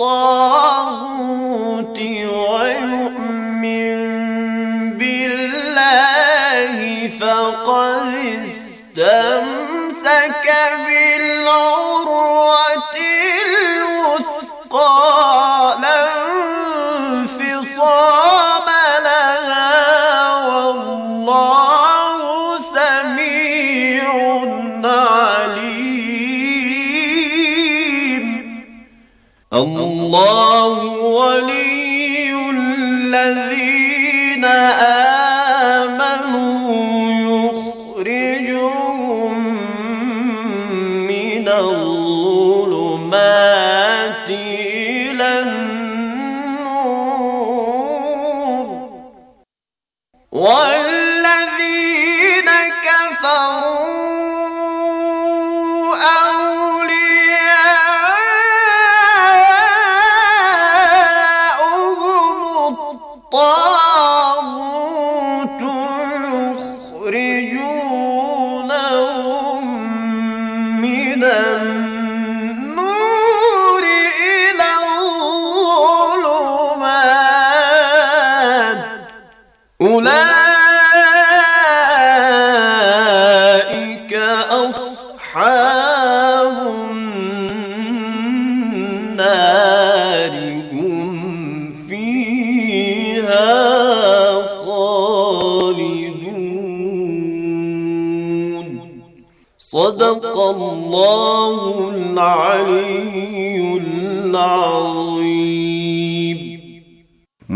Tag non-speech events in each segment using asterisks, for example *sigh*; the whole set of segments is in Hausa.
الطاعون Allah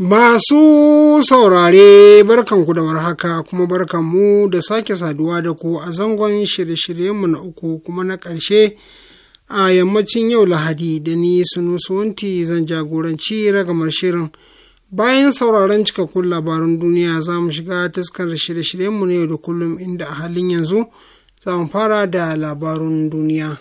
Masu saurare barkanku da warhaka kuma barkanmu da sake saduwa da ku a zangon shirye-shiryenmu na uku kuma na ƙarshe a yammacin yau Lahadi da ni sunusunti zan jagoranci ragamar shirin. Bayan sauraron cikakkun labarun duniya za mu shiga taskar shirye-shiryenmu na yau da kullum inda a halin yanzu za mu fara da labarun duniya.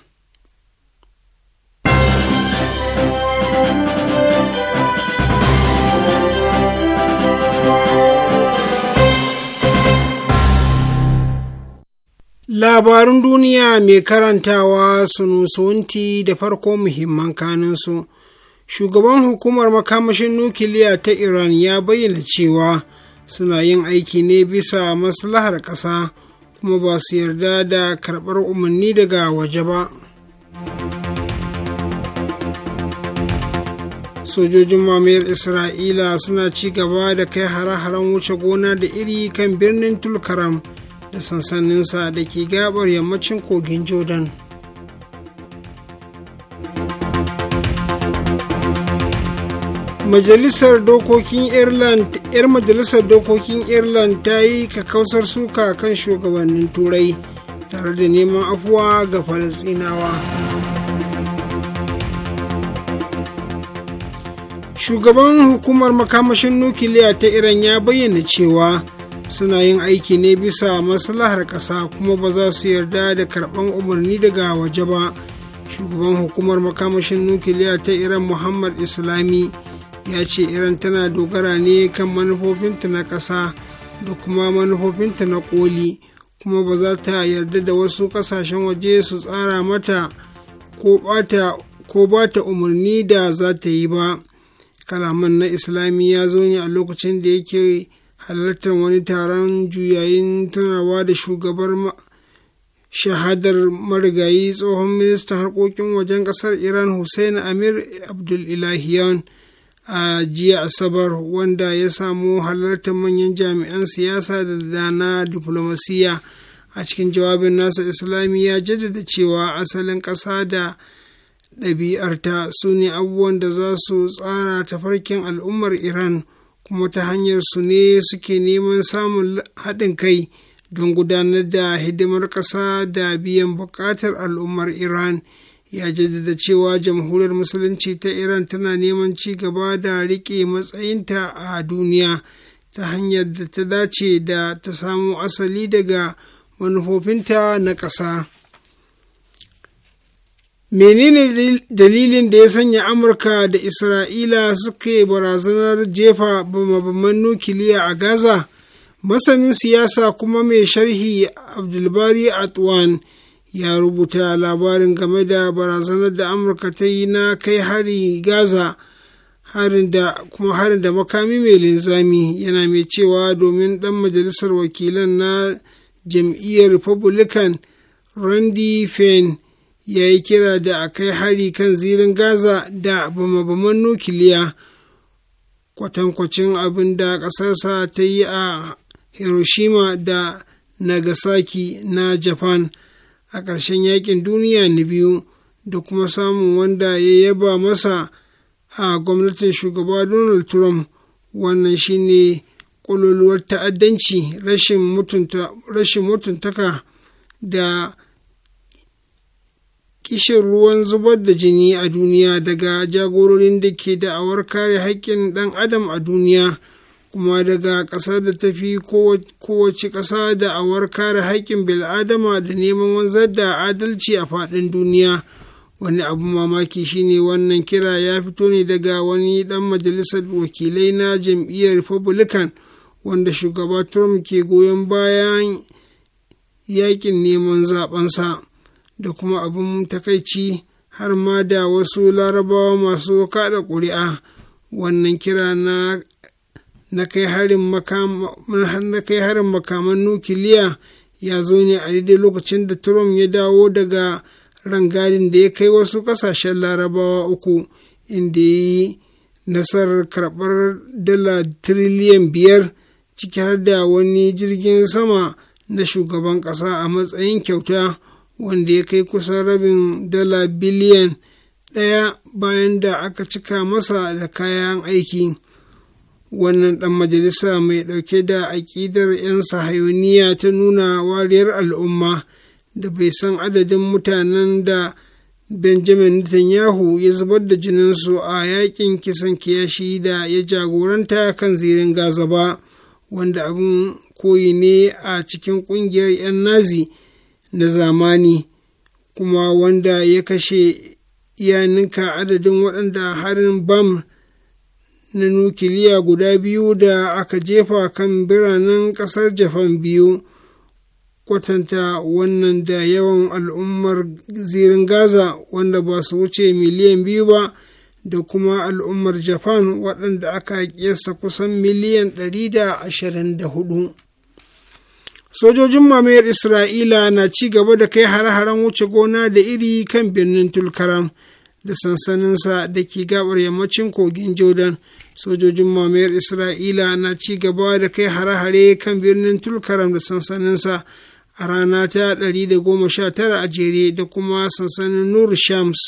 Labarun duniya mai karantawa sunusunti da farko muhimman kaninsu. Shugaban hukumar makamashin nukiliya ta Iran ya bayyana cewa suna yin aiki ne bisa maslahar ƙasa kuma ba su yarda da karɓar umarni daga waje ba. Sojojin mamayar Isra'ila suna ci gaba da kai hare-haren wuce gona da iri kan birnin Tulkaram. da sansaninsa da ke gabar yammacin kogin jordan majalisar dokokin ireland yar majalisar dokokin ireland ta yi kakausar suka kan shugabannin turai tare da neman afuwa ga falasinawa shugaban hukumar makamashin nukiliya ta iran ya bayyana cewa suna yin aiki ne bisa maslahar ƙasa kuma ba za su yarda da karɓan umarni daga waje ba shugaban hukumar makamashin nukiliya ta iran muhammad islami ya ce iran tana dogara ne kan manufofinta na ƙasa da kuma manufofinta na koli kuma ba za ta yarda da wasu ƙasashen waje su tsara mata ko ba ta umarni da za ta yi ba kalaman na islami ya zo ne a lokacin da yake halartar wani taron juyayin tunawa da shugabar shahadar marigayi tsohon ministan harkokin wajen kasar iran hussein amir abdulilahiyan a jiya asabar wanda ya samu halartar manyan jami'an siyasa da dana diplomasiya a cikin jawabin nasa islamiyya jaddada cewa asalin ƙasa da ɗabi'arta su ne abubuwan da za su tsara tafarkin al'ummar iran kuma ta hanyar su ne suke neman samun haɗin kai don gudanar da hidimar ƙasa da biyan buƙatar al'ummar iran ya jaddada cewa jamhuriyar musulunci ta iran tana neman ci gaba da riƙe matsayinta a duniya ta hanyar da ta dace da ta samo asali daga manufofinta na ƙasa. menene dalilin da ya sanya amurka da isra'ila suke barazanar jefa mabamman nukiliya a gaza masanin siyasa kuma mai sharhi abdulbari atwan ya rubuta labarin game da barazanar da amurka ta yi na kai hari gaza kuma harin da makami mai linzami yana mai cewa domin dan majalisar wakilan na jam'iyyar republican randy fenn ya yi kira da a kai hari kan zirin gaza da bama-baman nukiliya kwatankwacin abin da ƙasarsa ta yi a hiroshima da nagasaki na japan a ƙarshen yakin duniya na biyu da kuma samun wanda ya yaba masa a gwamnatin shugaba donald trump wannan shine ƙololuwar ta'addanci rashin mutuntaka da kishin ruwan zubar da jini a duniya daga jagororin da ke da'awar kare haƙƙin ɗan adam a duniya kuma daga ƙasar da ta fi kowace ƙasa da'awar kare haƙƙin bil'adama da neman wanzar da adalci a faɗin duniya wani abu mamaki shine wannan kira ya fito ne daga wani ɗan majalisar wakilai na jam'iyyar republican wanda shugaba trump ke goyon bayan yakin neman zaɓensa. sa da kuma abin takaici har ma da wasu larabawa masu kaɗa ƙuri'a wannan kira na na kai harin makaman nukiliya ya zo ne a daidai lokacin da Trump ya dawo daga rangadin da ya kai wasu kasashen larabawa uku inda ya yi nasarar karɓar dala tiriliyan biyar ciki har da wani jirgin sama na shugaban ƙasa a matsayin kyauta wanda ya kai kusan rabin dala biliyan ɗaya bayan da aka cika masa da kayan aiki wannan ɗan majalisa mai ɗauke da aƙidar 'yan sahayoniya ta nuna wariyar al'umma da bai san adadin mutanen da benjamin netanyahu ya zubar da jininsu a yakin kisan kiyashi da ya jagoranta kan zirin gaza ba wanda abin koyi ne a cikin ƙungiyar 'yan nazi na zamani kuma wanda ya kashe iyaninka adadin waɗanda harin bam na nukiliya guda biyu da aka jefa kan biranen ƙasar japan biyu kwatanta wannan da yawan al'ummar zirin gaza wanda ba su wuce miliyan biyu ba da kuma al'ummar japan waɗanda aka ƙiyasta kusan miliyan ɗari da ashirin da hudu sojojin mamayar isra'ila na ci gaba da kai hare-haren wuce gona da iri kan birnin tulkaram da sansaninsa da ke gabar yammacin kogin jordan sojojin mamayar isra'ila na ci gaba da kai hare-hare kan birnin tulkaram da sansaninsa a rana ta 119 a jere da kuma sansanin nur shams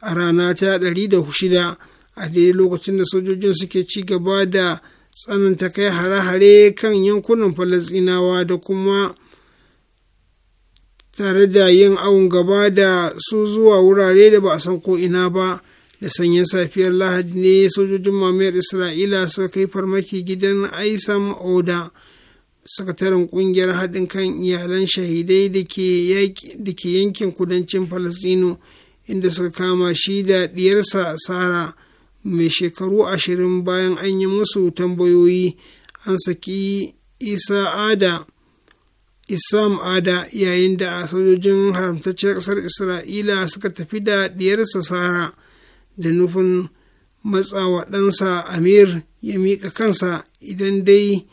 a rana ta 106 a daidai lokacin da sojojin suke ci gaba da tsananta kai hare-hare kan yankunan falasinawa da kuma tare da yin awon gaba da su zuwa wurare da ba a san ko ina ba da sanyin safiyar lahadi ne sojojin mamayar isra'ila suka kai farmaki gidan aisam oda sakataren kungiyar haɗin kan iyalan shahidai da ke yankin kudancin falasino inda suka kama shi da ɗiyarsa sara mai shekaru ashirin bayan an yi musu tambayoyi an saki isa ada isam ada yayin da sojojin haramtacciyar ƙasar isra'ila suka tafi da ɗiyarsa sara da nufin matsawa ɗansa amir ya miƙa kansa idan dai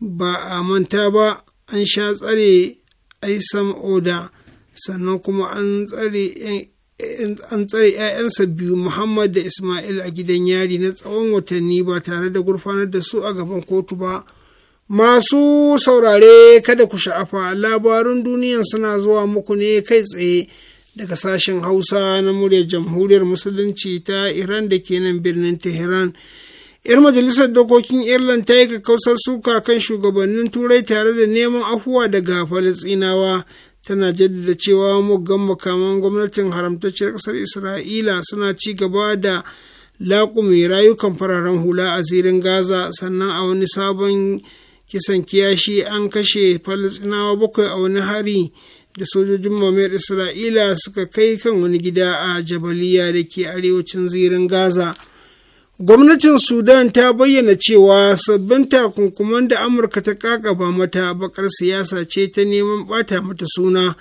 ba a manta ba an sha tsare isam oda sannan kuma an tsare an tsare 'ya'yansa biyu muhammad da ismail a gidan yari na tsawon watanni ba tare da gurfanar da su a gaban kotu ba masu saurare kada ku sha'afa labarun duniyan suna zuwa muku ne kai tsaye daga sashen hausa na muryar jamhuriyar musulunci ta iran da ke nan birnin tehran yar majalisar dokokin irland ta yi kakkausar suka kan shugabannin turai tare da neman afuwa daga falisinawa tana jaddada cewa muggan makaman gwamnatin haramtacciyar ƙasar isra'ila suna ci gaba da laƙume rayukan fararen hula a zirin gaza sannan a wani sabon kisan kiyashi an kashe falasinawa bakwai a wani hari da sojojin mamayar isra'ila suka kai kan wani gida a jabaliya da ke arewacin zirin gaza gwamnatin sudan ta bayyana cewa sabbin takunkuman da amurka ta kakaba mata bakar siyasa ce ta neman bata mata suna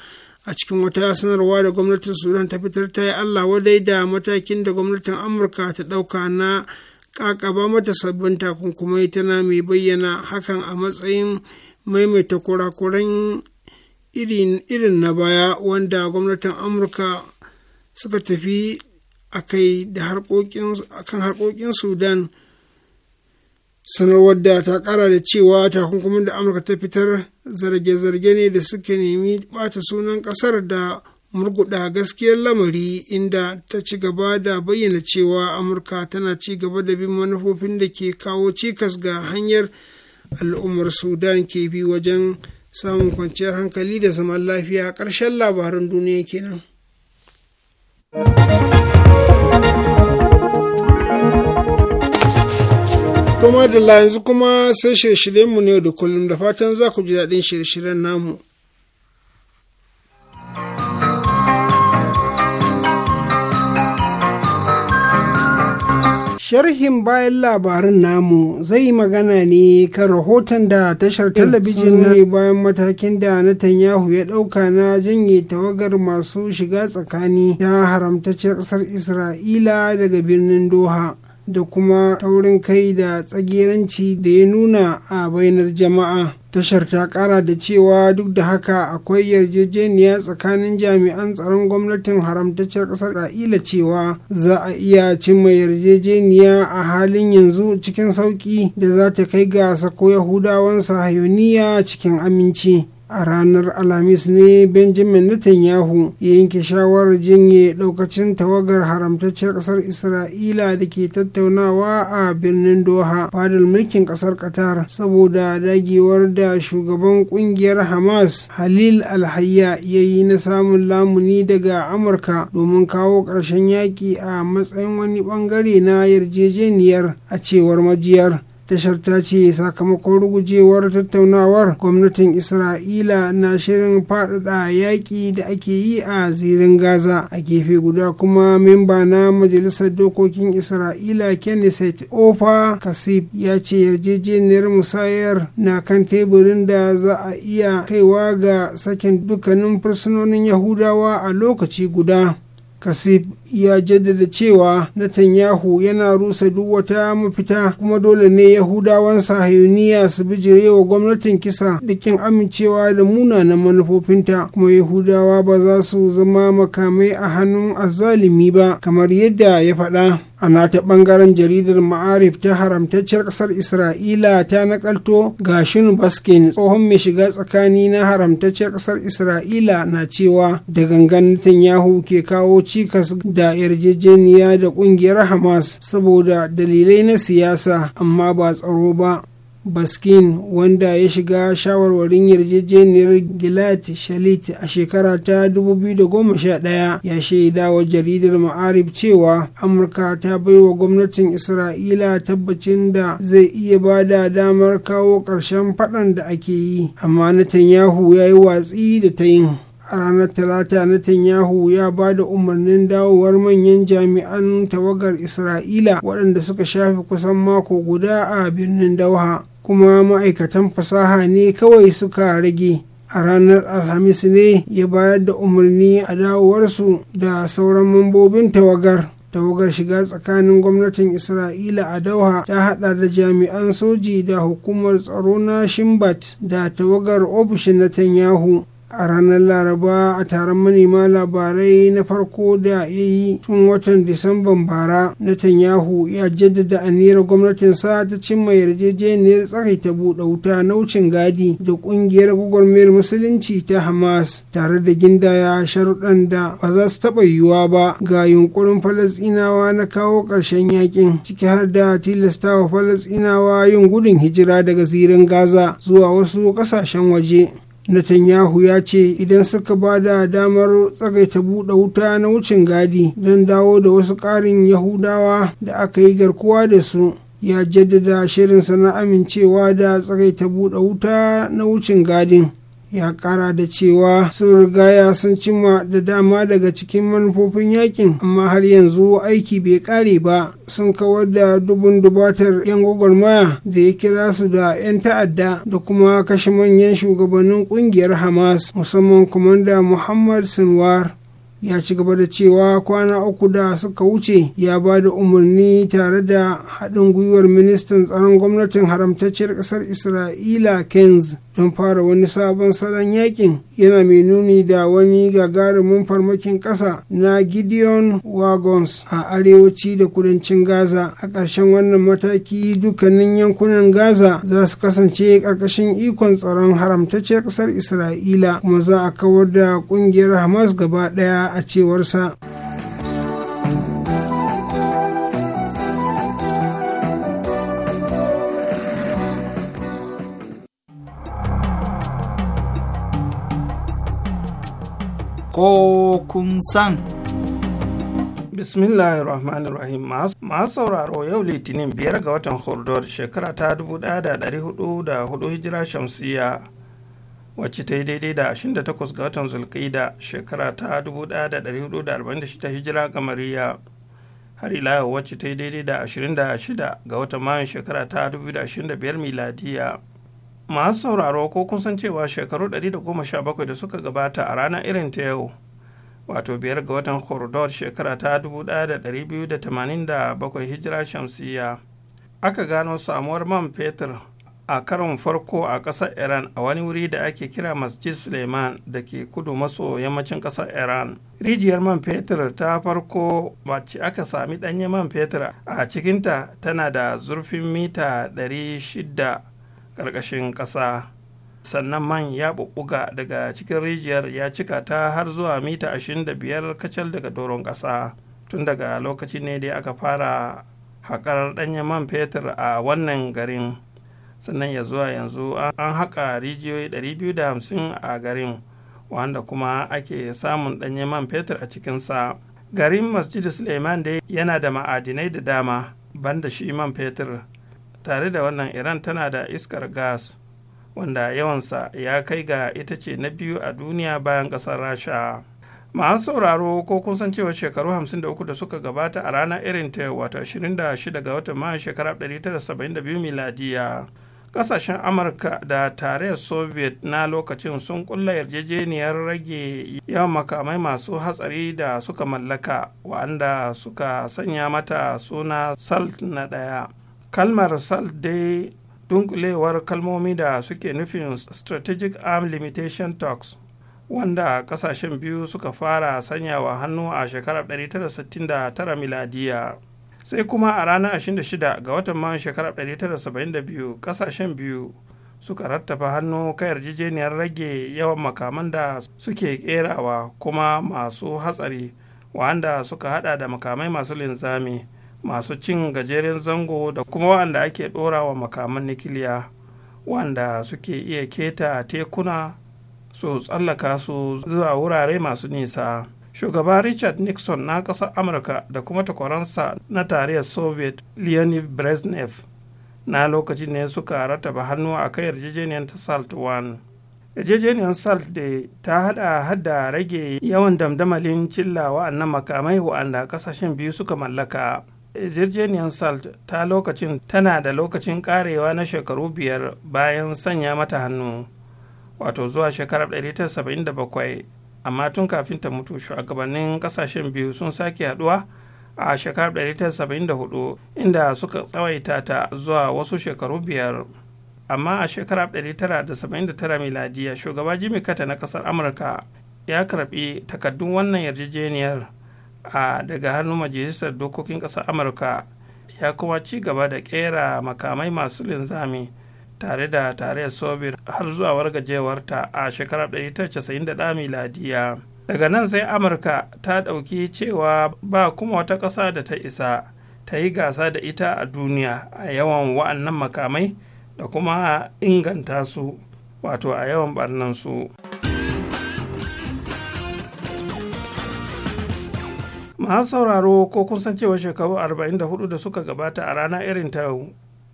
a cikin wata sanarwa da gwamnatin sudan ta fitar ta yi allah wadai da matakin da gwamnatin amurka ta ɗauka na kakaba mata sabbin takunkumai tana mai bayyana hakan a matsayin maimaita kurakuran irin na baya wanda gwamnatin amurka suka tafi a kai kan harkokin sudan sanarwar da ta kara da cewa takunkumin da amurka ta fitar zarge-zarge ne da suke nemi bata sunan kasar da murguda gaskiyar lamari inda ta ci gaba da bayyana cewa amurka tana ci gaba da bin manufofin da ke kawo cikas ga hanyar al'ummar sudan ke bi wajen samun kwanciyar hankali da zaman lafiya karshen labaran duniya kenan. Kuma da yanzu kuma sai shirye-shiryenmu ne da kullum da fatan za ku ji daɗin shirye-shiryen namu. Sharhin bayan labarin namu zai magana ne kan rahoton da tashar eh, talabijin na bayan matakin da Netanyahu ya ɗauka na janye tawagar masu shiga tsakani ta haramtacciyar ƙasar Isra'ila daga birnin Doha. da kuma taurin kai da tsagiranci da ya nuna a bainar jama'a tashar ta kara da cewa duk da haka akwai yarjejeniya tsakanin jami'an tsaron gwamnatin haramtacciyar ƙasar ila cewa za a iya cimma yarjejeniya a halin yanzu cikin sauƙi da za ta kai ga sako yahudawan sahayoniya cikin aminci a ranar alhamis ne benjamin netanyahu ya yanke shawarar jinye daukacin tawagar haramtacciyar kasar isra'ila da ke tattaunawa a birnin doha fadar mulkin kasar qatar saboda dagewar da shugaban kungiyar hamas halil alhayya ya yi na samun lamuni daga amurka domin kawo ƙarshen yaƙi a matsayin wani ɓangare na yarjejeniyar a cewar majiyar tashar ta ce sakamakon rugujewar tattaunawar gwamnatin isra'ila na shirin faɗaɗa yaƙi da ake yi a zirin gaza a gefe guda kuma memba na majalisar dokokin isra'ila kenneset ofa kasib ya ce yarjejeniyar musayar na kan teburin da za a iya kaiwa ga sakin dukkanin fursunonin yahudawa a lokaci guda kasif ya jaddada cewa Netanyahu yana rusa duk wata mafita kuma dole ne yahudawan sahayuniya su bijire wa gwamnatin kisa da amincewa da munanan manufofinta kuma yahudawa ba za su zama makamai a hannun azalimi ba kamar yadda ya faɗa a nata bangaren jaridar ma'arif ta haramtacciyar kasar isra'ila ta nakalto gashin baskin tsohon mai shiga tsakani na haramtacciyar kasar isra'ila na cewa da gangan netanyahu ke kawo cikas da yarjejeniya da kungiyar hamas saboda dalilai na siyasa amma ba tsaro ba baskin wanda ya shiga shawarwarin yarjejeniyar gilat shalit a shekara ta 2011 ya shaida wa jaridar ma'arib cewa amurka ta baiwa gwamnatin isra'ila tabbacin da zai iya ba da damar kawo ƙarshen faɗan da ake yi amma netanyahu ya yi watsi da ta yin a ranar talata Netanyahu ya ba da umarnin dawowar manyan jami'an tawagar isra'ila waɗanda suka shafe kusan mako guda a birnin dauha kuma ma'aikatan fasaha ne kawai suka rage a ranar alhamis ne ya bayar da umarni a dawowarsu da sauran mambobin tawagar tawagar shiga tsakanin gwamnatin isra'ila a dauha ta hada da jami'an soji da hukumar tsaro na shimbat da tawagar ofishin na tanyahu a ranar laraba a taron manema labarai na farko da ya yi tun watan disamban bara netanyahu ya jaddada aniyar gwamnatinsa ta cimma yarjejeniyar tsakaita buɗe wuta na wucin gadi da ƙungiyar gwagwarmayar musulunci ta hamas tare da gindaya sharuɗan da ba za su taɓa yiwuwa ba ga yunkurin falasɗinawa na kawo ƙarshen yakin ciki har da tilastawa falasɗinawa yin gudun hijira daga zirin gaza zuwa wasu ƙasashen waje Netanyahu ya ce idan suka ba da damar tsagaita buɗe wuta na wucin gadi don dawo da wasu ƙarin Yahudawa da aka yi garkuwa da su ya jaddada shirinsa na amincewa da tsagaita buɗe wuta na wucin gadin. ya kara da cewa sun rigaya sun cimma da dama daga cikin manufofin yakin amma har yanzu aiki bai kare ba sun kawar da dubun dubatar yan gwagwarmaya da ya kira su da 'yan ta'adda da kuma kashe manyan shugabannin kungiyar hamas musamman kwamanda muhammad sinwar ya ci gaba da cewa kwana uku da suka wuce ya ba da umarni tare da haɗin gwiwar ministan tsaron gwamnatin haramtacciyar ƙasar isra'ila kenz don fara wani sabon salon yakin yana mai nuni da wani gagarumin farmakin ƙasa na gideon wagons a arewaci da kudancin gaza a ƙarshen wannan mataki dukkanin yankunan gaza za su kasance ƙarƙashin ikon tsaron haramtacciyar ƙasar isra'ila kuma za a kawar da ƙungiyar hamas gaba ɗaya a cewarsa. ko kun san. Bismillahirrahmanirrahim masu sauraro yau litinin biyar ga watan hurdor shekara ta dubu da da hudu hudu hijira shamsiya wacce ta yi daidai da ashirin da takwas ga watan zulkaida shekara ta dubu da da hudu shida hijira Mariya har ila yau wacce ta yi daidai da ashirin da shida ga watan mayun shekara ta dubu ashirin da biyar miladiya. masu sauraro ko kun san cewa shekaru 117 da suka gabata a ranar irin ta yau wato biyar ga watan hordor shekara ta 1287 hijira shamsiya aka gano samuwar man fetur a karon farko a ƙasar iran a wani wuri da ake kira masjid suleiman da ke kudu maso yammacin ƙasar iran rijiyar man fetur ta farko wacce aka sami ɗanyen man fetur a cikinta tana da zurfin mita 600 ƙarƙashin ƙasa sannan man ya ɓuɓɓuga daga cikin rijiyar ya cika ta har zuwa mita 25 kacal daga doron ƙasa tun daga lokaci ne dai aka fara haƙar ɗanye man fetur a wannan garin sannan ya zuwa yanzu an haƙa rijiyoyi da 250 a garin wanda kuma ake samun ɗanyen man fetur a cikinsa garin masjid suleiman dai yana da ma'adinai da dama banda shi man fetur tare da wannan iran tana da iskar gas wanda yawansa ya kai ga ita ce na biyu a duniya bayan ƙasar rasha masu sauraro ko kun san cewa shekaru 53 da suka gabata a ranar irin ta wato 26 ga watan mayan shekarar 1972 miladiya kasashen amurka da tarayyar soviet na lokacin sun kulla yarjejeniyar rage yawan makamai masu hatsari da suka mallaka wa'anda suka sanya mata suna salt na ɗaya kalmar sal dai dunkulewar kalmomi da suke nufin strategic arm limitation talks wanda kasashen biyu suka fara sanyawa hannu a shekarar 1969 miladiya sai kuma a ranar 26 ga watan man shekarar 1972 kasashen biyu suka rattafa hannu kan yarjejeniyar rage yawan makaman da suke kerawa kuma masu hatsari wanda suka hada da makamai masu linzami masu cin gajeren zango da kuma wanda ake ɗora wa makaman nikiliya wanda suke iya keta tekuna su tsallaka su zuwa wurare masu nisa shugaba richard nixon na ƙasar amurka da kuma takwaransa na tarayyar soviet leonid brezhnev na lokacin ne suka rataba hannu a kan yarjejeniyar ta salt 1 yarjejeniyar salt da ta hada hada rage yawan damdamalin cilla wa'annan makamai wa'anda kasashen biyu suka mallaka yarjejeniyar salt ta lokacin tana da lokacin karewa na shekaru biyar bayan sanya mata hannu wato zuwa shekarar 1977 amma tun kafin ta mutu shugabannin kasashen biyu sun sake haduwa a shekarar 1974 inda suka tsawaita ta zuwa wasu shekaru biyar amma a shekarar 1979 miladiya shugaba jimmy carter na kasar amurka ya karbi takaddun wannan yarjejeniyar a daga hannun majalisar dokokin ƙasar amurka ya kuma ci gaba da ƙera makamai masu linzami tare da tarayyar soviet har zuwa wargajewarta a shekarar 1991 miladiya daga nan sai amurka ta ɗauki cewa ba kuma wata ƙasa da ta isa ta yi gasa da ita a duniya a yawan wa'annan makamai da kuma inganta su wato a yawan ɓarnan su. masu sauraro ko kun san cewa shekaru 44 da suka gabata a rana irin ta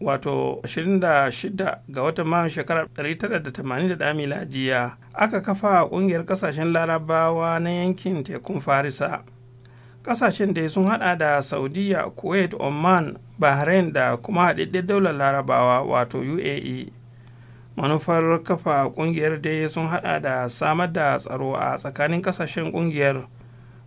wato 26 ga watan mayun shekarar 1981 miladiya aka kafa kungiyar kasashen larabawa na yankin tekun farisa kasashen da sun hada da saudiya kuwait oman bahrain da kuma haɗaɗɗen daular larabawa wato uae manufar kafa kungiyar dai sun hada da samar da tsaro a tsakanin kasashen kungiyar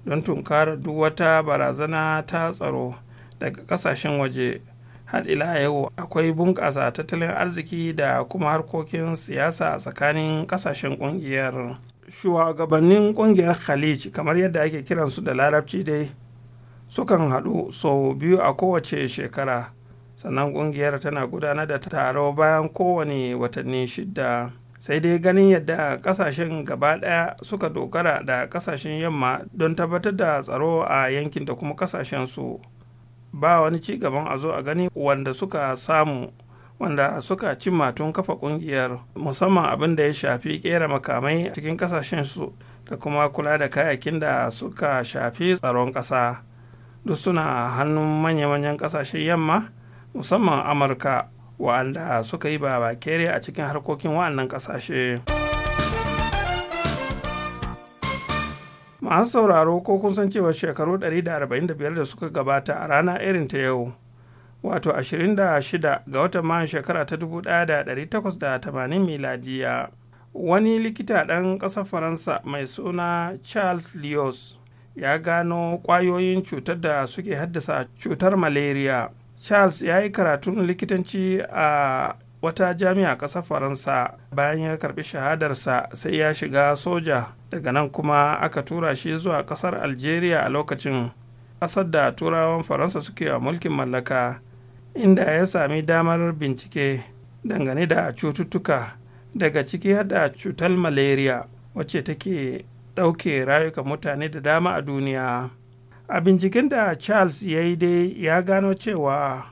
don tunkarar duk wata barazana ta tsaro daga kasashen waje har ila yau akwai bunƙasa tattalin arziki da kuma harkokin siyasa a tsakanin kasashen ƙungiyar shugabannin ƙungiyar khalij kamar yadda ake kiransu da larabci dai sukan haɗu sau biyu a kowace shekara sannan ƙungiyar tana gudanar da taro bayan kowane watanni shidda sai dai ganin yadda kasashen gaba daya suka dogara da kasashen yamma don tabbatar da tsaro a yankin da kuma kasashen su ba wani ci gaban a zo a gani wanda suka samu wanda suka cimma tun kafa kungiyar musamman abin da ya shafi kera makamai cikin kasashen su da kuma kula da kayakin da suka shafi tsaron ƙasa duk suna hannun manya-manyan kasashen yamma musamman amurka wa'anda suka yi ba kere a cikin harkokin wa'annan ƙasashe. masu sauraro ko kun san cewa shekaru 145 da suka gabata a rana irin ta yau wato 26 ga watan mayan shekara ta 1880 miladiya wani likita ɗan ƙasar faransa mai suna charles lios ya gano ƙwayoyin cutar da suke haddasa cutar malaria charles ya yi karatun likitanci a wata jami'a ƙasar faransa bayan ya karbi shahadarsa sai ya shiga soja daga nan kuma aka tura shi zuwa ƙasar algeria a lokacin ƙasar da turawan faransa suke a mulkin mallaka inda ya sami damar bincike dangane da cututtuka daga ciki hada cutar malaria wacce take ɗauke rayuka mutane da dama a duniya a binciken da charles ya yi dai ya gano cewa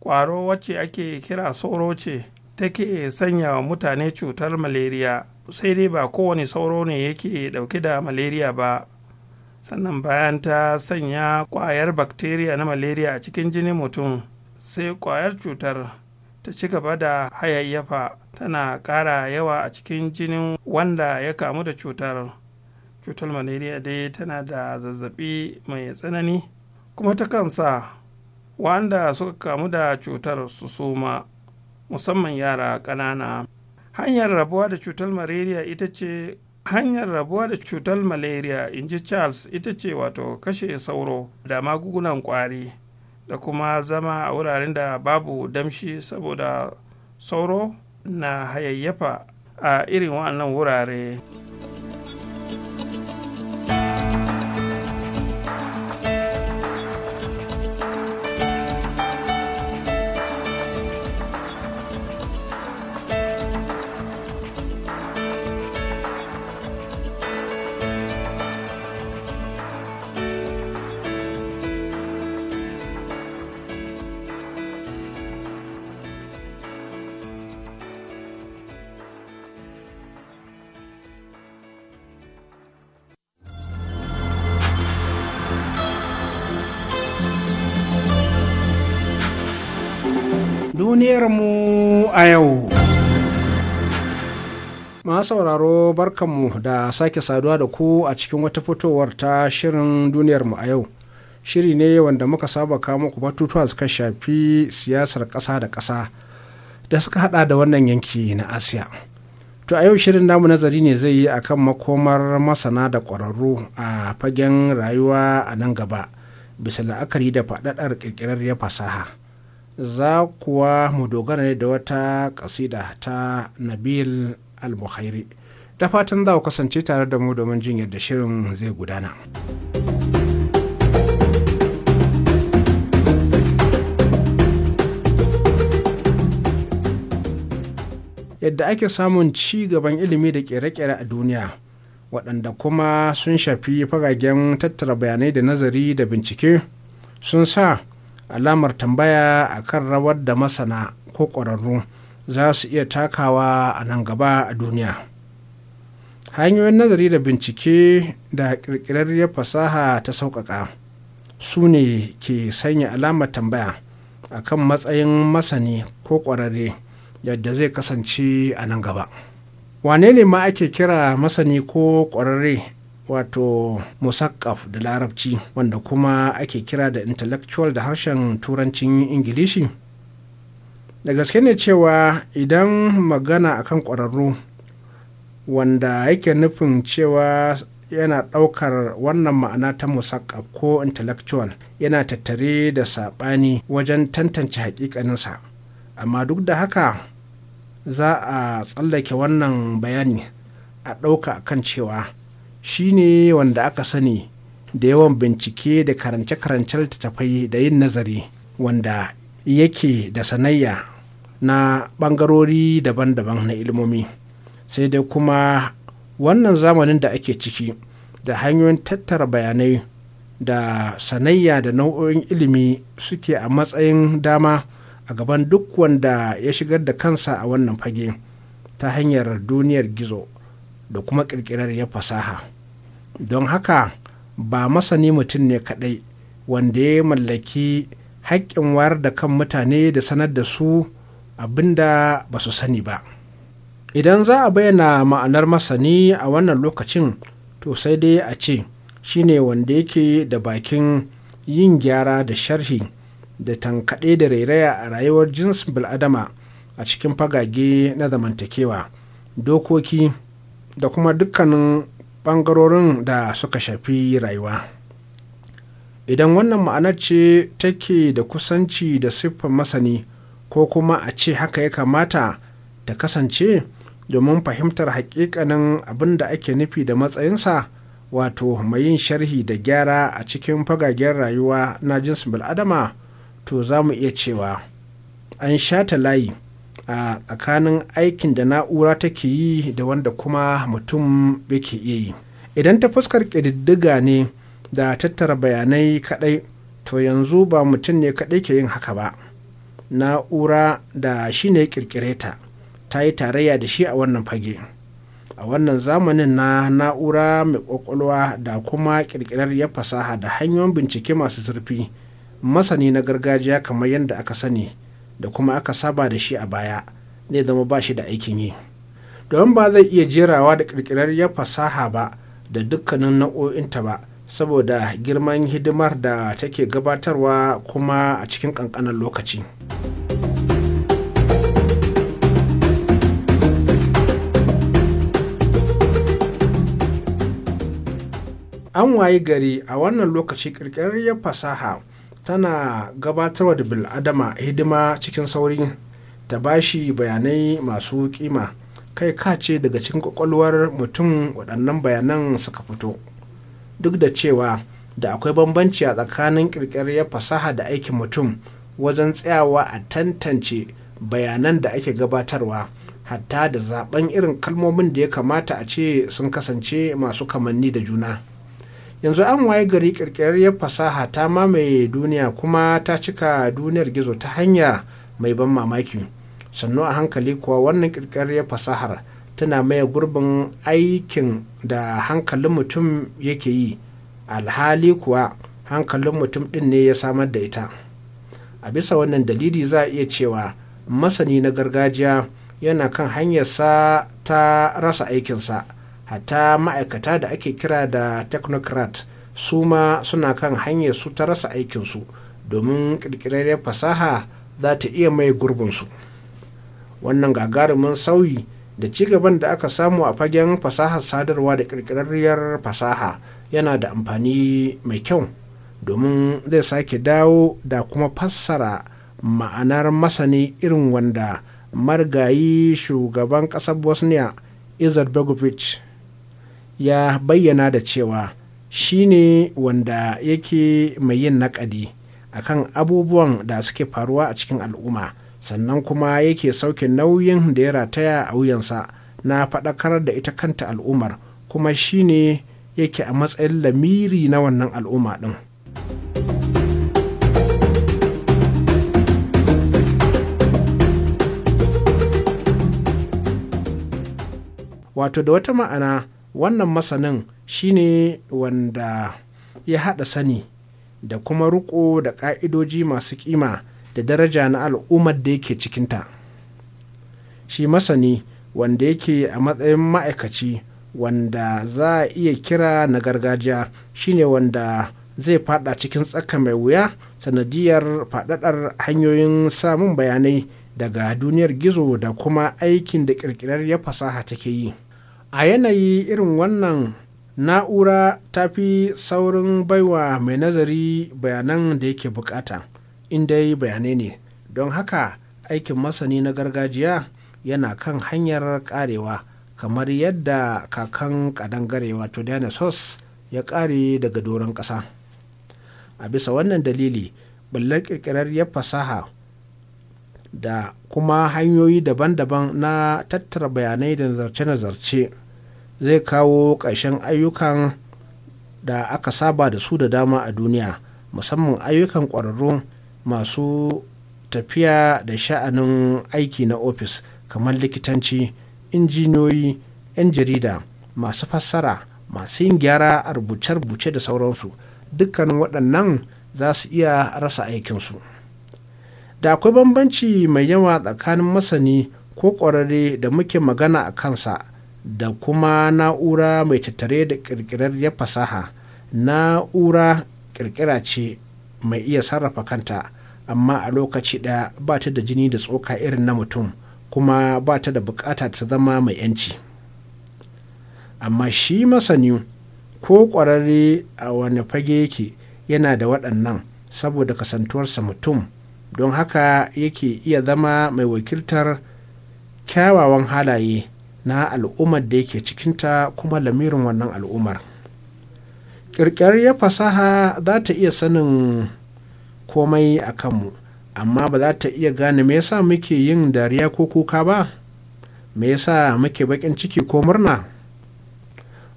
kwaro wacce ake kira sauro ce take sanya wa mutane cutar malaria sai dai ba kowane sauro ne yake dauke da malaria ba sannan bayan ta sanya kwayar bakteriya na malaria a cikin jini mutum sai kwayar cutar ta ci gaba da hayayyafa tana ƙara yawa a cikin jinin wanda ya kamu da cutar cutar malaria dai tana da zazzabi mai tsanani kuma ta kansa wanda suka kamu da cutar su suma musamman yara ƙanana hanyar rabuwa da cutar malaria ita ce hanyar rabuwa da cutar malaria in ji charles ita ce wato kashe sauro da magungunan kwari da kuma zama a wuraren da babu damshi saboda sauro na hayayyafa a irin waɗannan wurare. mu a yau. Masu sauraro barkanmu da sake saduwa da ku a cikin wata fitowar ta shirin duniyarmu a yau. Shiri ne wanda muka saba kama muku batutuwa suka shafi siyasar ƙasa da ƙasa da suka hada da wannan yanki na Asiya. To a yau shirin namu nazari ne zai yi akan makomar masana da ƙwararru a fagen rayuwa a nan gaba bisa la'akari da faɗaɗar ƙirƙirar fasaha. za kuwa mu dogara ne da wata kasida ta nabil al bukhari ta fatan za ku kasance tare da mu domin jin yadda shirin zai gudana. yadda ake samun ci gaban ilimi da ƙere-ƙere a duniya waɗanda kuma sun shafi fagagen tattara bayanai da nazari da bincike sun sa alamar tambaya a kan rawar da masana ko ƙwararru za su iya takawa a nan gaba a duniya hanyoyin nazari da bincike da ƙirƙirarriyar fasaha ta sauƙaƙa su ne ke sanya alamar tambaya a kan matsayin masani ko ƙwararre yadda zai kasance a nan gaba wane ne ma ake kira masani ko ƙwararre wato musakaf da larabci wanda kuma ake kira da intellectual da harshen turancin ingilishi da gaske ne cewa idan magana akan ƙwararru wanda yake nufin cewa yana ɗaukar wannan ma'ana ta musakaf ko intellectual yana tattare da saɓani wajen tantance haƙiƙaninsa amma duk da haka za a tsallake wannan bayani a ɗauka kan cewa shine wanda aka sani da yawan bincike da karance-karancen littattafai da yin nazari wanda yake da sanayya na ɓangarori daban-daban na ilmomi sai dai kuma wannan zamanin da ake ciki da hanyoyin tattara bayanai da sanayya da nau'o'in ilimi suke a matsayin dama a gaban duk wanda ya shigar da kansa a wannan fage ta hanyar duniyar gizo da kuma ƙirƙirar ya fasaha. don haka ba masani mutum ne kaɗai wanda ya mallaki haƙƙin wayar da kan mutane da sanar da su abinda ba su sani ba idan za a bayyana ma'anar masani a wannan lokacin to sai dai a ce shine wanda yake da bakin yin gyara da sharhi da tankaɗe da rairaya a rayuwar jinsin bil'adama a cikin fagage na zamantakewa dokoki da kuma dukkanin ɓangarorin da suka shafi rayuwa idan wannan ma'anar ce take da kusanci da siffar masani ko kuma a ce haka ya kamata ta kasance domin fahimtar hakikanin abin da ake nufi da matsayinsa wato mai yin sharhi da gyara a cikin fagagen rayuwa na jinsin bil'adama to za mu iya cewa an sha ta layi a tsakanin aikin da na'ura take yi da wanda kuma mutum yake iya yi idan ta fuskar ƙididdiga ne da tattara bayanai kaɗai to yanzu ba mutum ne kaɗai ke yin haka ba na'ura da shi ne ƙirƙire ta ta yi tarayya da shi a wannan fage a wannan zamanin na na'ura mai ƙwaƙwalwa da kuma ƙirƙirar ya fasaha da hanyoyin bincike masu zurfi masani na gargajiya kamar yadda aka sani da kuma aka saba da shi a baya zai zama ba shi da aikin yi don ba zai iya jerawa da ya fasaha ba da dukkanin nau'o'inta ba saboda girman hidimar da take gabatarwa kuma a cikin ƙanƙanin lokaci. an wayi gari a wannan lokaci ƙirƙirar fasaha tana gabatarwa da bil'adama hidima cikin sauri ta bashi bayanai masu kima kai kace daga cikin kwakwalwar mutum waɗannan bayanan suka fito duk da cewa da akwai bambanci a tsakanin ƙirƙirar fasaha da aikin mutum wajen tsayawa a tantance bayanan da ake gabatarwa hatta da zaben irin kalmomin da ya kamata a ce sun kasance masu kamanni da juna. yanzu an waye gari ƙirƙirar fasaha ta mamaye duniya kuma ta cika duniyar gizo ta hanya mai ban mamaki sannu a hankali kuwa wannan ƙirƙirar fasahar tana maye gurbin aikin da hankalin mutum yake yi alhali kuwa hankalin mutum ɗin ne ya samar da ita a bisa wannan dalili za a iya cewa masani na gargajiya yana kan hanyarsa ta rasa aikinsa Hata ma'aikata da ake kira da technocrat su ma suna kan hanyar su ta rasa aikinsu domin ƙirƙirarren fasaha za ta iya mai gurbinsu wannan gagarumin sauyi da cigaban da aka samu a fagen fasahar sadarwa da ƙirƙirarriyar fasaha yana da amfani mai kyau domin zai sake dawo da kuma fassara ma'anar masani irin wanda margayi shugaban ƙasar bosnia izar begovic ya bayyana da cewa shi ne wanda yake mai yin naƙadi kan abubuwan da suke faruwa a cikin al'umma sannan kuma yake sauke nauyin da ya rataya a wuyansa na faɗakar da ita kanta al'ummar kuma shi ne yake a matsayin lamiri na wannan al'umma ɗin. wato da wata ma'ana wannan masanin shine wanda ya haɗa sani da kuma ruko da ƙa'idoji masu kima da daraja na al'ummar da yake cikinta shi masani wanda yake a matsayin ma'aikaci wanda za a iya kira na gargajiya shine wanda zai fada cikin tsaka mai wuya sanadiyar fadadar hanyoyin samun bayanai daga duniyar gizo da kuma aikin da ƙirƙirar ya fasaha take yi. a yanayi irin wannan na'ura ta fi saurin baiwa mai nazari bayanan da yake bukata inda yi bayanai ne don haka aikin masani na gargajiya yana kan hanyar karewa kamar yadda kakan kadangare wato dinosaurs ya kare daga doron ƙasa a bisa wannan dalili bullar ya fasaha da kuma hanyoyi daban-daban na tattara bayanai da nazarce zarce zai kawo ƙarshen ayyukan da aka saba da su da dama a duniya musamman ayyukan ƙwararru masu tafiya da sha'anin aiki na ofis kamar likitanci injiniyoyi 'yan jarida masu fassara masu yin gyara a rubuce-rubuce da sauransu dukkan waɗannan za su iya rasa aikinsu da akwai bambanci mai yawa tsakanin masani ko ƙwararre da muke magana a kansa da kuma na'ura mai tattare da ya fasaha na'ura ƙirƙira ce mai iya sarrafa kanta amma a lokaci ɗaya ba ta da jini da tsoka irin na mutum kuma ba ta da bukata ta zama mai yanci amma shi masani ko ƙwararre a wani fage yake yana da waɗannan saboda kasantuwarsa mutum don haka yake iya zama mai wakiltar kyawawan halaye na al'ummar da yake cikinta kuma lamirin wannan al'ummar ƙirƙirar fasaha za ta iya sanin komai a kanmu amma ba za ta iya gane me yasa muke yin dariya ko kuka ba me yasa muke baƙin ciki ko murna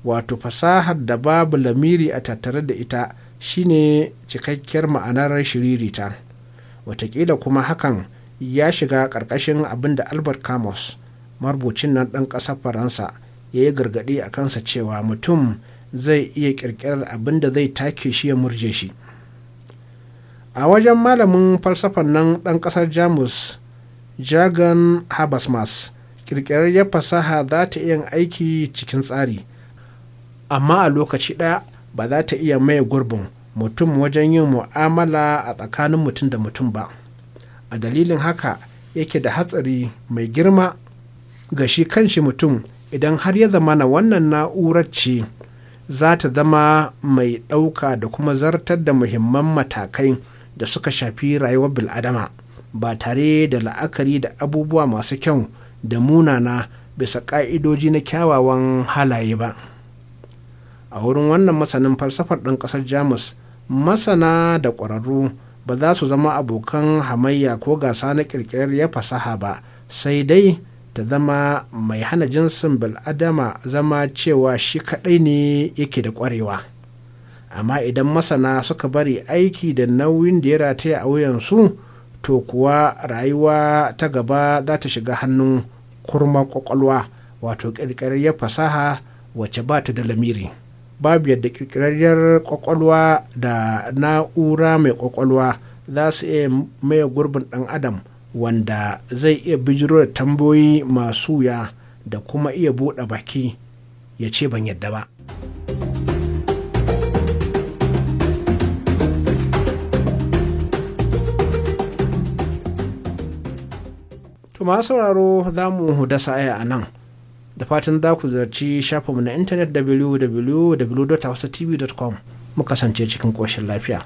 wato fasahar da babu lamiri a tattare da ita shine cikakkiyar ma'anar shiririta watakila kuma hakan ya shiga ƙarƙashin abin da albert camus marubucin nan ɗan ƙasar faransa ya yi gargaɗi a kansa cewa mutum zai iya ƙirƙirar abin da zai take shi ya murje shi a wajen malamin falsafan nan ɗan ƙasar jamus jagan habasmas ya fasaha za ta iya aiki cikin tsari amma a lokaci ɗaya ba za ta iya maye gurbin mutum wajen yin mu'amala a tsakanin mutum da mutum ba a dalilin haka yake da hatsari mai girma ga shi kanshi mutum idan har ya zama na wannan na'urar ce za ta zama mai ɗauka da kuma zartar da muhimman matakai da suka shafi rayuwar bil'adama ba tare da la'akari da abubuwa masu kyau da munana bisa ƙa'idoji na kyawawan halaye ba a wurin wannan masanin falsafar ɗan ƙasar jamus masana da ƙwararru ba za su zama abokan hamayya ko gasa na ƙirƙirar ya fasaha ba sai dai ta zama mai hana jinsin bil'adama zama cewa shi kaɗai ne yake da ƙwarewa amma idan masana suka bari aiki da nauyin da ya rataya a wuyansu to kuwa rayuwa ta gaba za ta shiga hannun kurma ƙwaƙwalwa wato ƙirƙirarriyar fasaha wacce ba ta da lamiri babu yadda ƙirƙirarriyar ƙwaƙwalwa da na'ura mai ƙwaƙwalwa za su iya maye gurbin ɗan adam wanda zai iya bijiro da tambayoyi masu wuya da kuma iya buɗe baki ya ce ban yadda ba. Tuma sauraro za mu dasa aya a nan. Da fatan za ku zarci shafinmu na intanet www.hausatv.com mu kasance cikin ƙoshin lafiya.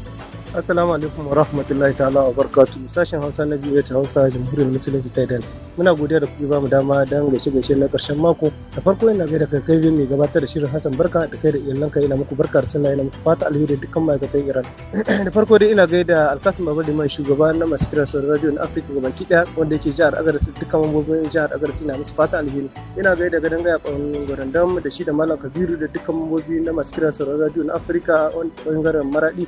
Assalamu alaikum wa rahmatullahi ta'ala wa barkatu sashen Hausa na biyu ta Hausa Jamhuriyar Musulunci ta Idan. Muna godiya da kuke bamu dama don gaishe gaishe na karshen mako. Da farko ina gaida kai kai mai gabatar da shirin Hassan Barka da kai da iyalanka ina muku barka da sallah ina muku fata alheri da dukkan ma'aikatan Iran. *clears throat* da farko dai ina gaida Alkasim Babadi mai shugaba na masu kiran sauran radio na Afirka gaba ki daya wanda yake jihar Agadez dukkan mambobin jihar Agadez ina musu fata alheri. Ina gaida gadan gaya kwanin gwarandam da shi da Malam Kabiru da dukkan mambobi na masu kiran sauran radio na Afirka bangaren Maradi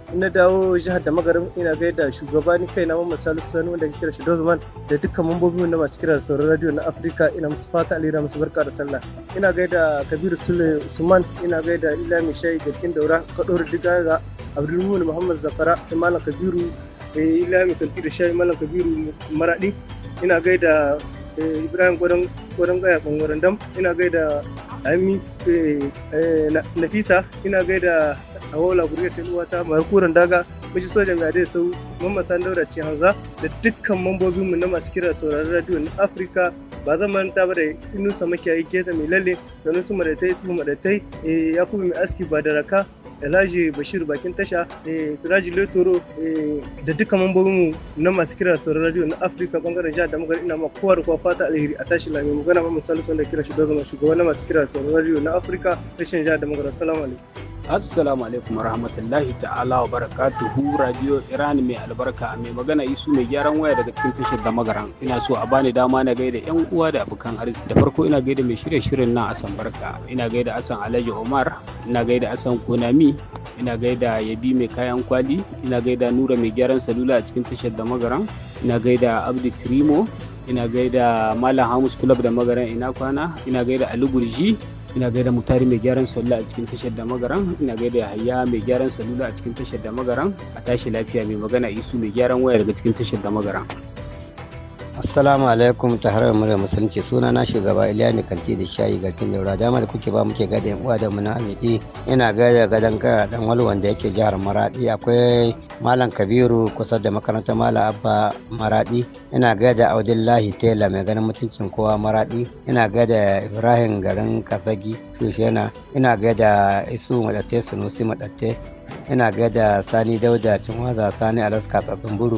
na dawo jihar da magarin ina gaida shugaba ni kaina mamman salisu sani wanda ke kira shi dozman da dukkan mambobi na masu kiran sauran radio na afirka ina musu fata alira musu barka da sallah ina gaida kabiru sule usman ina gaida ila mishai kin daura diga ga abdulmumin muhammad zafara malam kabiru eh, ila mai kanti da shayi malam kabiru maradi ina gaida eh, ibrahim gwadon gaya kan dam ina gaida Eh, eh, Nafisa ina gaida a wola gurbe sai uwata mai daga mishi sojan gade sau mamman sandaura cihanza da dukkan mambobinmu na masu kira sauraron radio na Afirka ba zan manta ba da inusa makiyayi keta mai lalle da nusu madatai su madatai eh, ya kuma mai aski ba da raka Elaji Bashir Bakin Tasha, eh, Siraji Lotoro eh, da duka mambobinmu na masu kira sauran radio na Afirka bangaren jihar Damar ina ma kowa da kowa fata alheri a tashi lami magana mamu salisu da kira shugaban shugaban na masu kira sauran radio na Afirka rashin jihar Damar. Assalamu alaikum. assalamu alaikum rahmatullahi ta'ala wa barakatuhu radio iran mai albarka mai magana isu mai gyaran waya daga cikin tashar da ina so a bani dama na gaida yan uwa da abokan arziki da farko ina gaida mai shirye shirin na asan barka ina gaida asan alhaji omar ina gaida asan konami ina gaida Yabi mai kayan kwali ina gaida Nura mai gyaran salula a cikin tashar da magaran ina gaida Abdu Krimo ina gaida Malam Hamus Club da magaran ina kwana ina gaida Ali ina gaida mutari mai gyaran salula a cikin tashar da magaran ina gaida yahaya mai gyaran salula a cikin tashar da magaran a tashi lafiya mai magana isu mai gyaran waya daga cikin tashar da magaran assalamu alaikum ta harar murar musulunci suna na shugaba iliya mai kanti da shayi garkin daura dama da kuke ba muke gada uwa da muna arziki ina gada gadon kara dan wani wanda yake jihar maradi akwai malam kabiru kusa da makarantar malam abba maradi ina gada audillahi tela mai ganin mutuncin kowa maradi ina gada ibrahim garin kasagi shushena ina gada isu madatte sunusi madatte ina gaida sani dauda cinwaza sani alaska tsatsin buru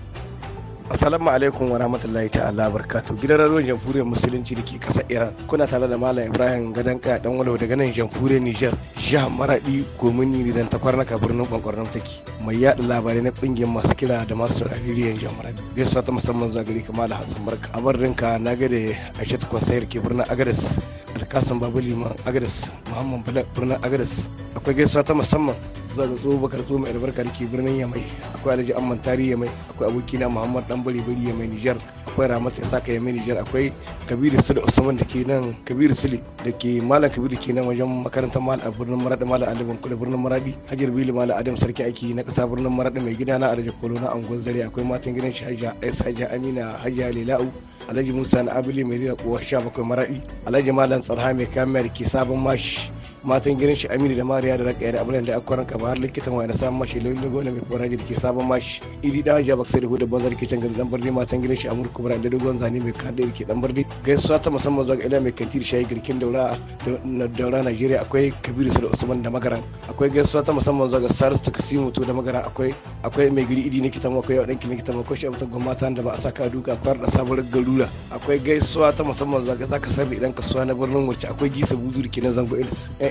Assalamu alaikum wa rahmatullahi ta'ala barkatu. Gidan radiyon Jamhuriyar Musulunci da ke ƙasar Iran. Kuna tare da Malam Ibrahim Gadanka dan walau daga nan Jamhuriyar Niger, jihar Maradi, Gomini ne dan takwar na birnin Kwankwarnan take. Mai yaɗa labarai na ƙungiyar masu kira da masu saurari riyan jihar Maradi. Gaisuwa ta musamman zuwa gari kamar Hassan Barka. A barinka na ga da Aishatu Kwansayar ke birnin Agadas, Alkasan Babu Liman Agadas, Muhammad Bulak birnin Agadas. Akwai gaisuwa ta musamman zan tso bakar tso mai albarkar ke birnin yamai akwai alhaji amman tari yamai akwai abokina muhammad dan bari bari yamai nijar akwai ramat saka yamai nijar akwai kabiru sule usman da ke nan kabiru sule da ke malam kabiru ke nan wajen makarantar mal a birnin maradi malam alibin kula birnin maradi hajar bilu malam adam sarki aiki na kasa birnin maradi mai gida na alhaji kolo na angon zare akwai matan gidan shi hajja ais hajja amina hajja lela'u alhaji musa na abili mai rira kowa sha bakwai maradi alhaji malam tsarha mai kamar ke sabon mashi matan gidan shi aminu da mariya da rakaya da abinan da akwaran kaba har likitan wani samun mashi lauyi gona mai faraji da ke sabon mashi idi dan hajja sai da hudu banza da ke can gari dan birni matan gidan shi amurka kubra da dogon zane mai kan da ke dan birni gaisuwa ta musamman zuwa ga ila mai kanti da shayi girkin daura na daura nigeria akwai kabiru sulu usman da magaran akwai gaisuwa ta musamman zuwa ga sars ta kasimu to da magaran akwai akwai mai giri idi nikitan akwai yau danki nikitan akwai shi abuta gwamnati da ba a saka duka akwai da sabuwar garura akwai gaisuwa ta musamman zuwa ga zaka sarri idan kasuwa na birnin wacce akwai gisa buzu da ke zango ilis eh,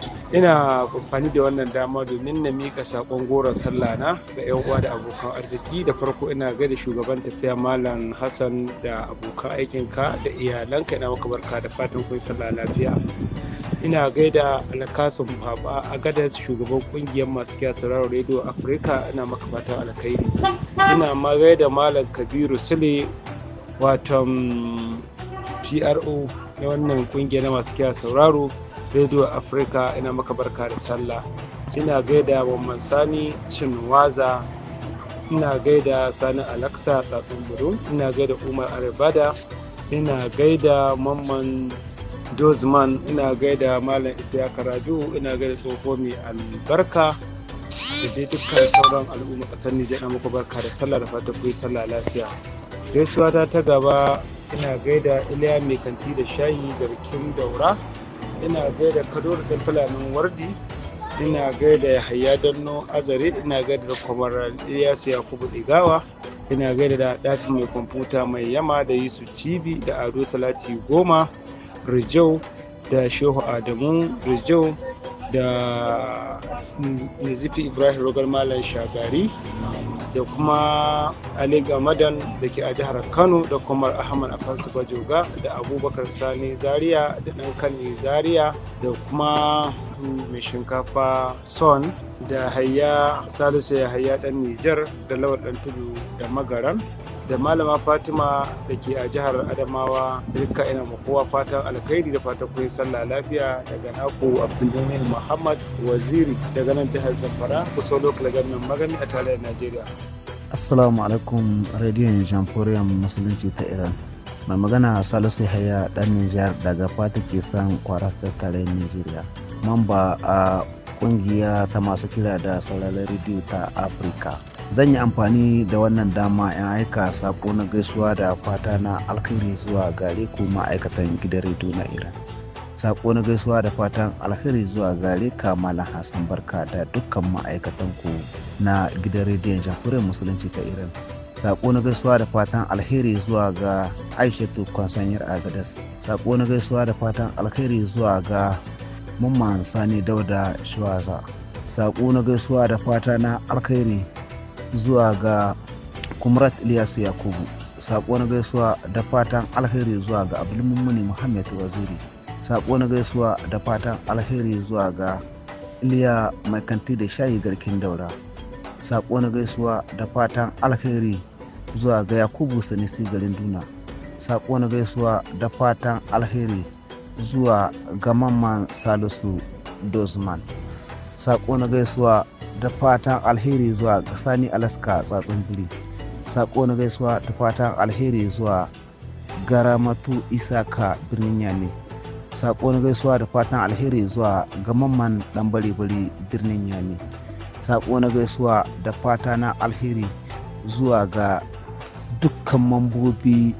ina amfani da wannan dama domin na mika sakon goron sallah na ga yan uwa da abokan arziki da farko ina gaida shugaban tafiya malam hassan da abokan aikinka da iyalanka ina maka barka da fatan kun sallah lafiya ina gaida alkasun baba a gadar shugaban kungiyar masu kiyaye sauraro radio afirka ina maka fatan alkhairi ina ma gaida malam kabiru sule watan pro na wannan kungiyar masu kiya sauraro radio africa ina maka barka da sallah ina gaida wa sani cinwaza ina gaida sani alaksa tsatsun buru ina gaida umar aribada ina gaida mamman dozman ina gaida malam isiyaka Karaju, ina gaida tsoho mai albarka da dai dukkan sauran al'umma kasar nijar ina muku barka da sallah da fata ku sallah lafiya gaisuwa ta ta gaba ina gaida iliya mai kanti da shayi da bikin daura ina gaida kaduru da fulanin wardi ina gaida yahaya danno azare ina gaida da kwamar iyasu yakubu digawa ina gaida da ɗafi mai kwamfuta mai yama da yusuf cibi da ado talati goma rijau da shehu adamu rijau da nazifi ibrahim rogar malam shagari da kuma ali gamadan da ke a jihar kano da kuma ahmad afansu bajoga da abubakar sani zaria da dan kani zaria da kuma mai shinkafa son da hayya salisu ya hayya dan nijar da lawar dan tudu da magaran da malama fatima da ke a jihar adamawa duka ina kowa fatan alkhairi da fatan kun sallah lafiya daga naku abdulmumin muhammad waziri daga nan jihar zamfara kusa lokal gannan magani a tarayyar najeriya assalamu alaikum radiyon jamhuriyar musulunci ta iran mai magana salisu haya dan nijar daga fatan ke san kwarasta ta Nijeriya. najeriya mamba a kungiya ta masu kira da sararin rediyo ta afirka zan yi amfani da wannan dama in aika sako na gaisuwa da fata na alkhairi zuwa gare ku ma'aikatan gidan rediyo na iran sako na gaisuwa da fatan alkhairi zuwa gare ka malam hassan barka da dukkan ma'aikatan ku na gidan rediyon jamhuriyar musulunci ta iran sako na gaisuwa da fatan alheri zuwa ga aishatu kwansanyar agadas sako na gaisuwa da fatan alheri zuwa ga mamman sani dauda shiwaza saƙo na gaisuwa da fata na alkhairi zuwa ga kumrat ilyasu yakubu saƙo na gaisuwa da fatan alkhairi zuwa ga abdulmumuni muhammad waziri saƙo na gaisuwa da fatan alkhairi zuwa ga iliya mai kanti da shayi garkin daura saƙo na gaisuwa da fatan alkhairi zuwa ga yakubu sanisi garin duna saƙo na gaisuwa da fatan alheri zuwa ga mamman salisu dozman sako na gaisuwa da fatan alheri zuwa ga sani alaska tsatsin biri sako na gaisuwa da fatan alheri zuwa garamatu isaka birnin yame sako na gaisuwa da fatan alheri zuwa ga mamman dan bari-bari birnin yame sako na gaisuwa da fata na alheri zuwa ga dukkan mambobi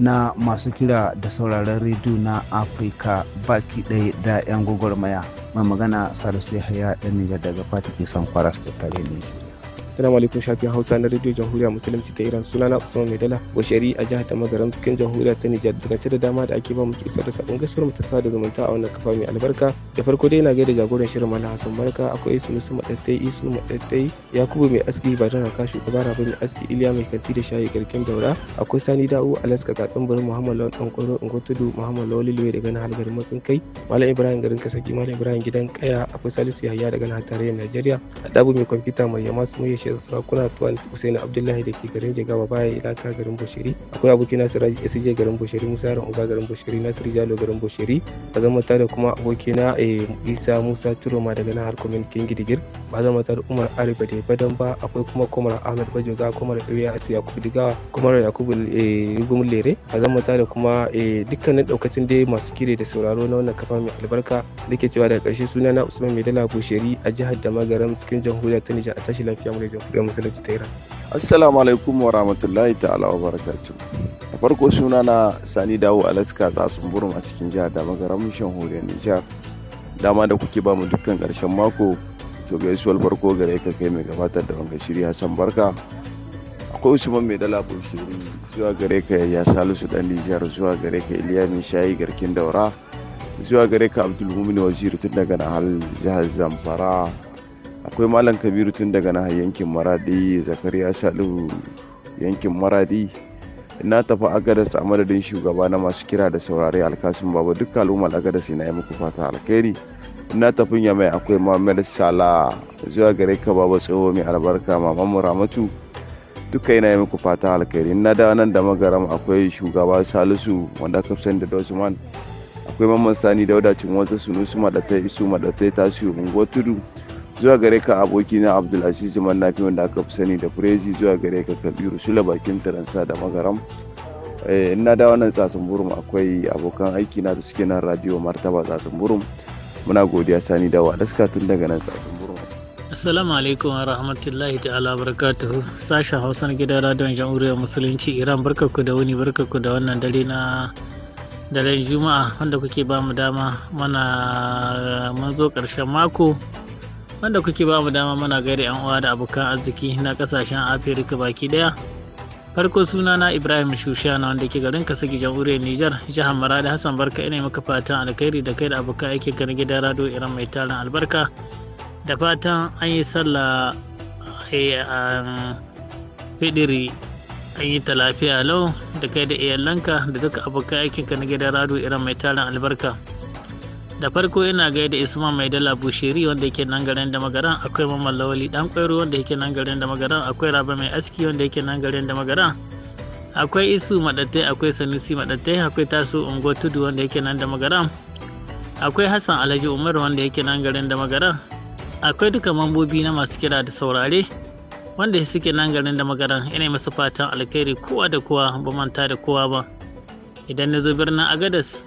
na masu kira da sauraron rediyo na afirka baki ɗaya da 'yan gwagwarmaya mai magana ya haya ɗan nijar daga fata ke san kwaras tare ne Assalamu alaikum shafi Hausa na Radio Jamhuriya Musulunci ta Iran sunana Usman Maidala Bashari a jihar ta Magaram cikin Jamhuriyar ta Nijar daga da dama da ake ba mu isar da sabon gaskiyar mu ta sada zumunta a wannan kafa mai albarka da farko dai ina da jagoran shirin Malam Hassan Barka akwai Sunusu Madattai Isu Madattai Yakubu mai aski ba da raka shugaba Rabi mai aski Iliya mai kanti da shayi garkin daura akwai Sani Da'u Alaska Katsin Bari Muhammad Lawan in Ngotudu Muhammad lawal Luwe daga nan Halgarin Matsin Kai Malam Ibrahim garin Kasaki Malam Ibrahim gidan Kaya akwai Salisu Yahaya daga nan tarayyar Najeriya dabu mai kwamfuta mai yama su bashir sarakuna tuwan husaini abdullahi da ke garin jigawa baya ilaka garin bushiri akwai abokina siraji sj garin bushiri musa yaron uba garin bushiri nasiru jalo garin bushiri ba zama ta da kuma abokina eh, isa musa turoma daga nahar kwamin king gidigir ba zama ta da umar arifa da badan ba akwai kuma kwamar ahmed bajoga Komar ɗauya asu yakubu digawa kwamar yakubu rugumin eh, lere ba zama ta da kuma eh, dukkanin ɗaukacin dai masu kire da sauraro na wannan kafa mai albarka da ke cewa daga ƙarshe suna na usman maidala bushiri a jihar da magaram cikin jamhuriyar ta nijar a tashi lafiya mu jamhuriyar musulunci ta iran assalamu alaikum wa rahmatullahi ta'ala wa barakatu da farko suna na sani dawo alaska tsatsun buru a cikin jihar da magaramin shanhuriyar nijar dama da kuke bamu dukkan karshen mako to gaisuwar farko gare ka kai mai gabatar da wanga shiri hassan barka akwai usman mai dala bushiri zuwa gare ka ya salisu dan nijar zuwa gare ka iliya mai shayi garkin daura zuwa gare ka abdulmumin waziri tun daga hal jihar zamfara akwai malam kabiru tun daga na yankin maradi zakariya salihu yankin maradi na tafi agadas a madadin shugaba na masu kira da saurare alkasun baba duk al'ummar agadas na yi muku fata alkhairi na tafi yamai akwai mamar sala zuwa gare ka babu tsoho mai albarka maman ramatu duka yana yi muku fata alkhairi na da nan da magaram akwai shugaba salisu wanda aka fi da dosman akwai mamman sani da wadacin wata sunusu madatai isu madatai tasiri unguwar tudu zuwa gare ka aboki na abdulaziz mannafi wanda aka fi sani da firezi zuwa gare ka kabiru shula bakin taransa da magaram eh, ina da wannan tsatsun burum akwai abokan aiki na da suke nan radio martaba tsatsun burum muna godiya sani da daska tun daga nan tsatsun burum Assalamu alaikum wa rahmatullahi ta'ala barakatuhu sashen Hausa na gidan radiyon jamhuriyar musulunci Iran barkaku da wuni barkaku da wannan dare na daren Juma'a wanda kuke ba mu dama mana mun zo ƙarshen mako wanda kuke ba mu dama muna gaida yan uwa da abokan arziki na kasashen afirka baki daya farko suna na ibrahim shushana wanda ke garin kasa jamhuriyar Niger, jihar maradi hassan barka ina maka fatan alkhairi da kai da abokan aiki kan gidan rado iran mai tarin albarka da fatan an yi sallah eh, a fidiri an yi ta lafiya lau da kai da iyalanka da duka abokan aikinka na gidan rado iran mai tarin albarka da farko ina gaida isma Mai Dala Bushiri wanda yake nan garin da magaran akwai Mamman Lawali Dan kwairu wanda yake nan garin da magaran akwai Raba Mai Aski wanda yake nan garin da magaran akwai Isu Madatte akwai Sanusi Madatte akwai Tasu Ungo Tudu wanda yake nan da magaran akwai Hassan Alhaji Umar wanda yake nan garin da magaran akwai duka mambobi na masu kira da saurare wanda suke nan garin da magaran ina masu fatan alkhairi kowa da kowa ba manta da kowa ba idan na zo birnin agadas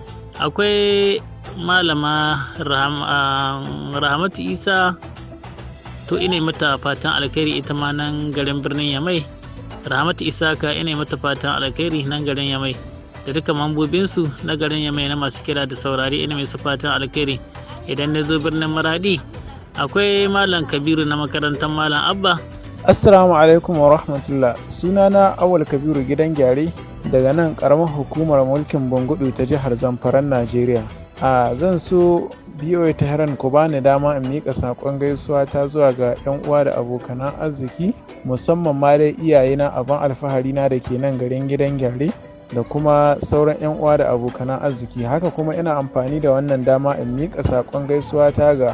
akwai malama um, rahamatu isa to ina mata fatan alkhairi ita ma nan garin birnin yamai rahamatu isa ka ina mata fatan alkhairi nan garin yamai da duka mambobinsu na garin yamai na masu kira da saurari ina mai su fatan alkhairi idan na zo birnin maradi akwai malam kabiru na makarantar malam abba Assalamu alaikum wa rahmatullah sunana Awal Kabiru gidan gyare daga nan karamar hukumar mulkin Bangudu ta jihar Zamfaran Najeriya. A zan so biyo ta heran ku bani dama in miƙa saƙon gaisuwa ta zuwa ga 'yan uwa da abokanan arziki musamman ma dai iyayena abin alfahari na da ke nan garin gidan gyare da kuma sauran 'yan uwa da abokanan arziki haka kuma ina amfani da wannan dama in miƙa saƙon gaisuwa ta ga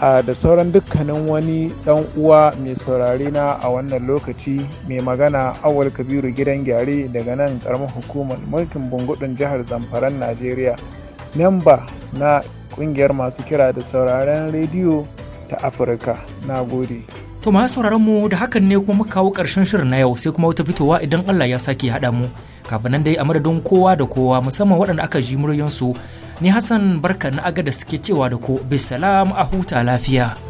a da sauran dukkanin wani dan uwa mai saurare na a wannan lokaci mai magana awal kabiru gidan gyare daga nan karamar hukumar mulkin bungudun jihar zamfaran najeriya memba na kungiyar masu kira da sauraren rediyo ta afirka na gode to masu sauraron mu da hakan ne kuma kawo karshen shirin na yau sai kuma wata fitowa idan allah ya sake haɗa mu kafin nan dai a madadin kowa da kowa musamman waɗanda aka ji muryansu ni hassan barka na agada suke cewa da ku bisalam a huta lafiya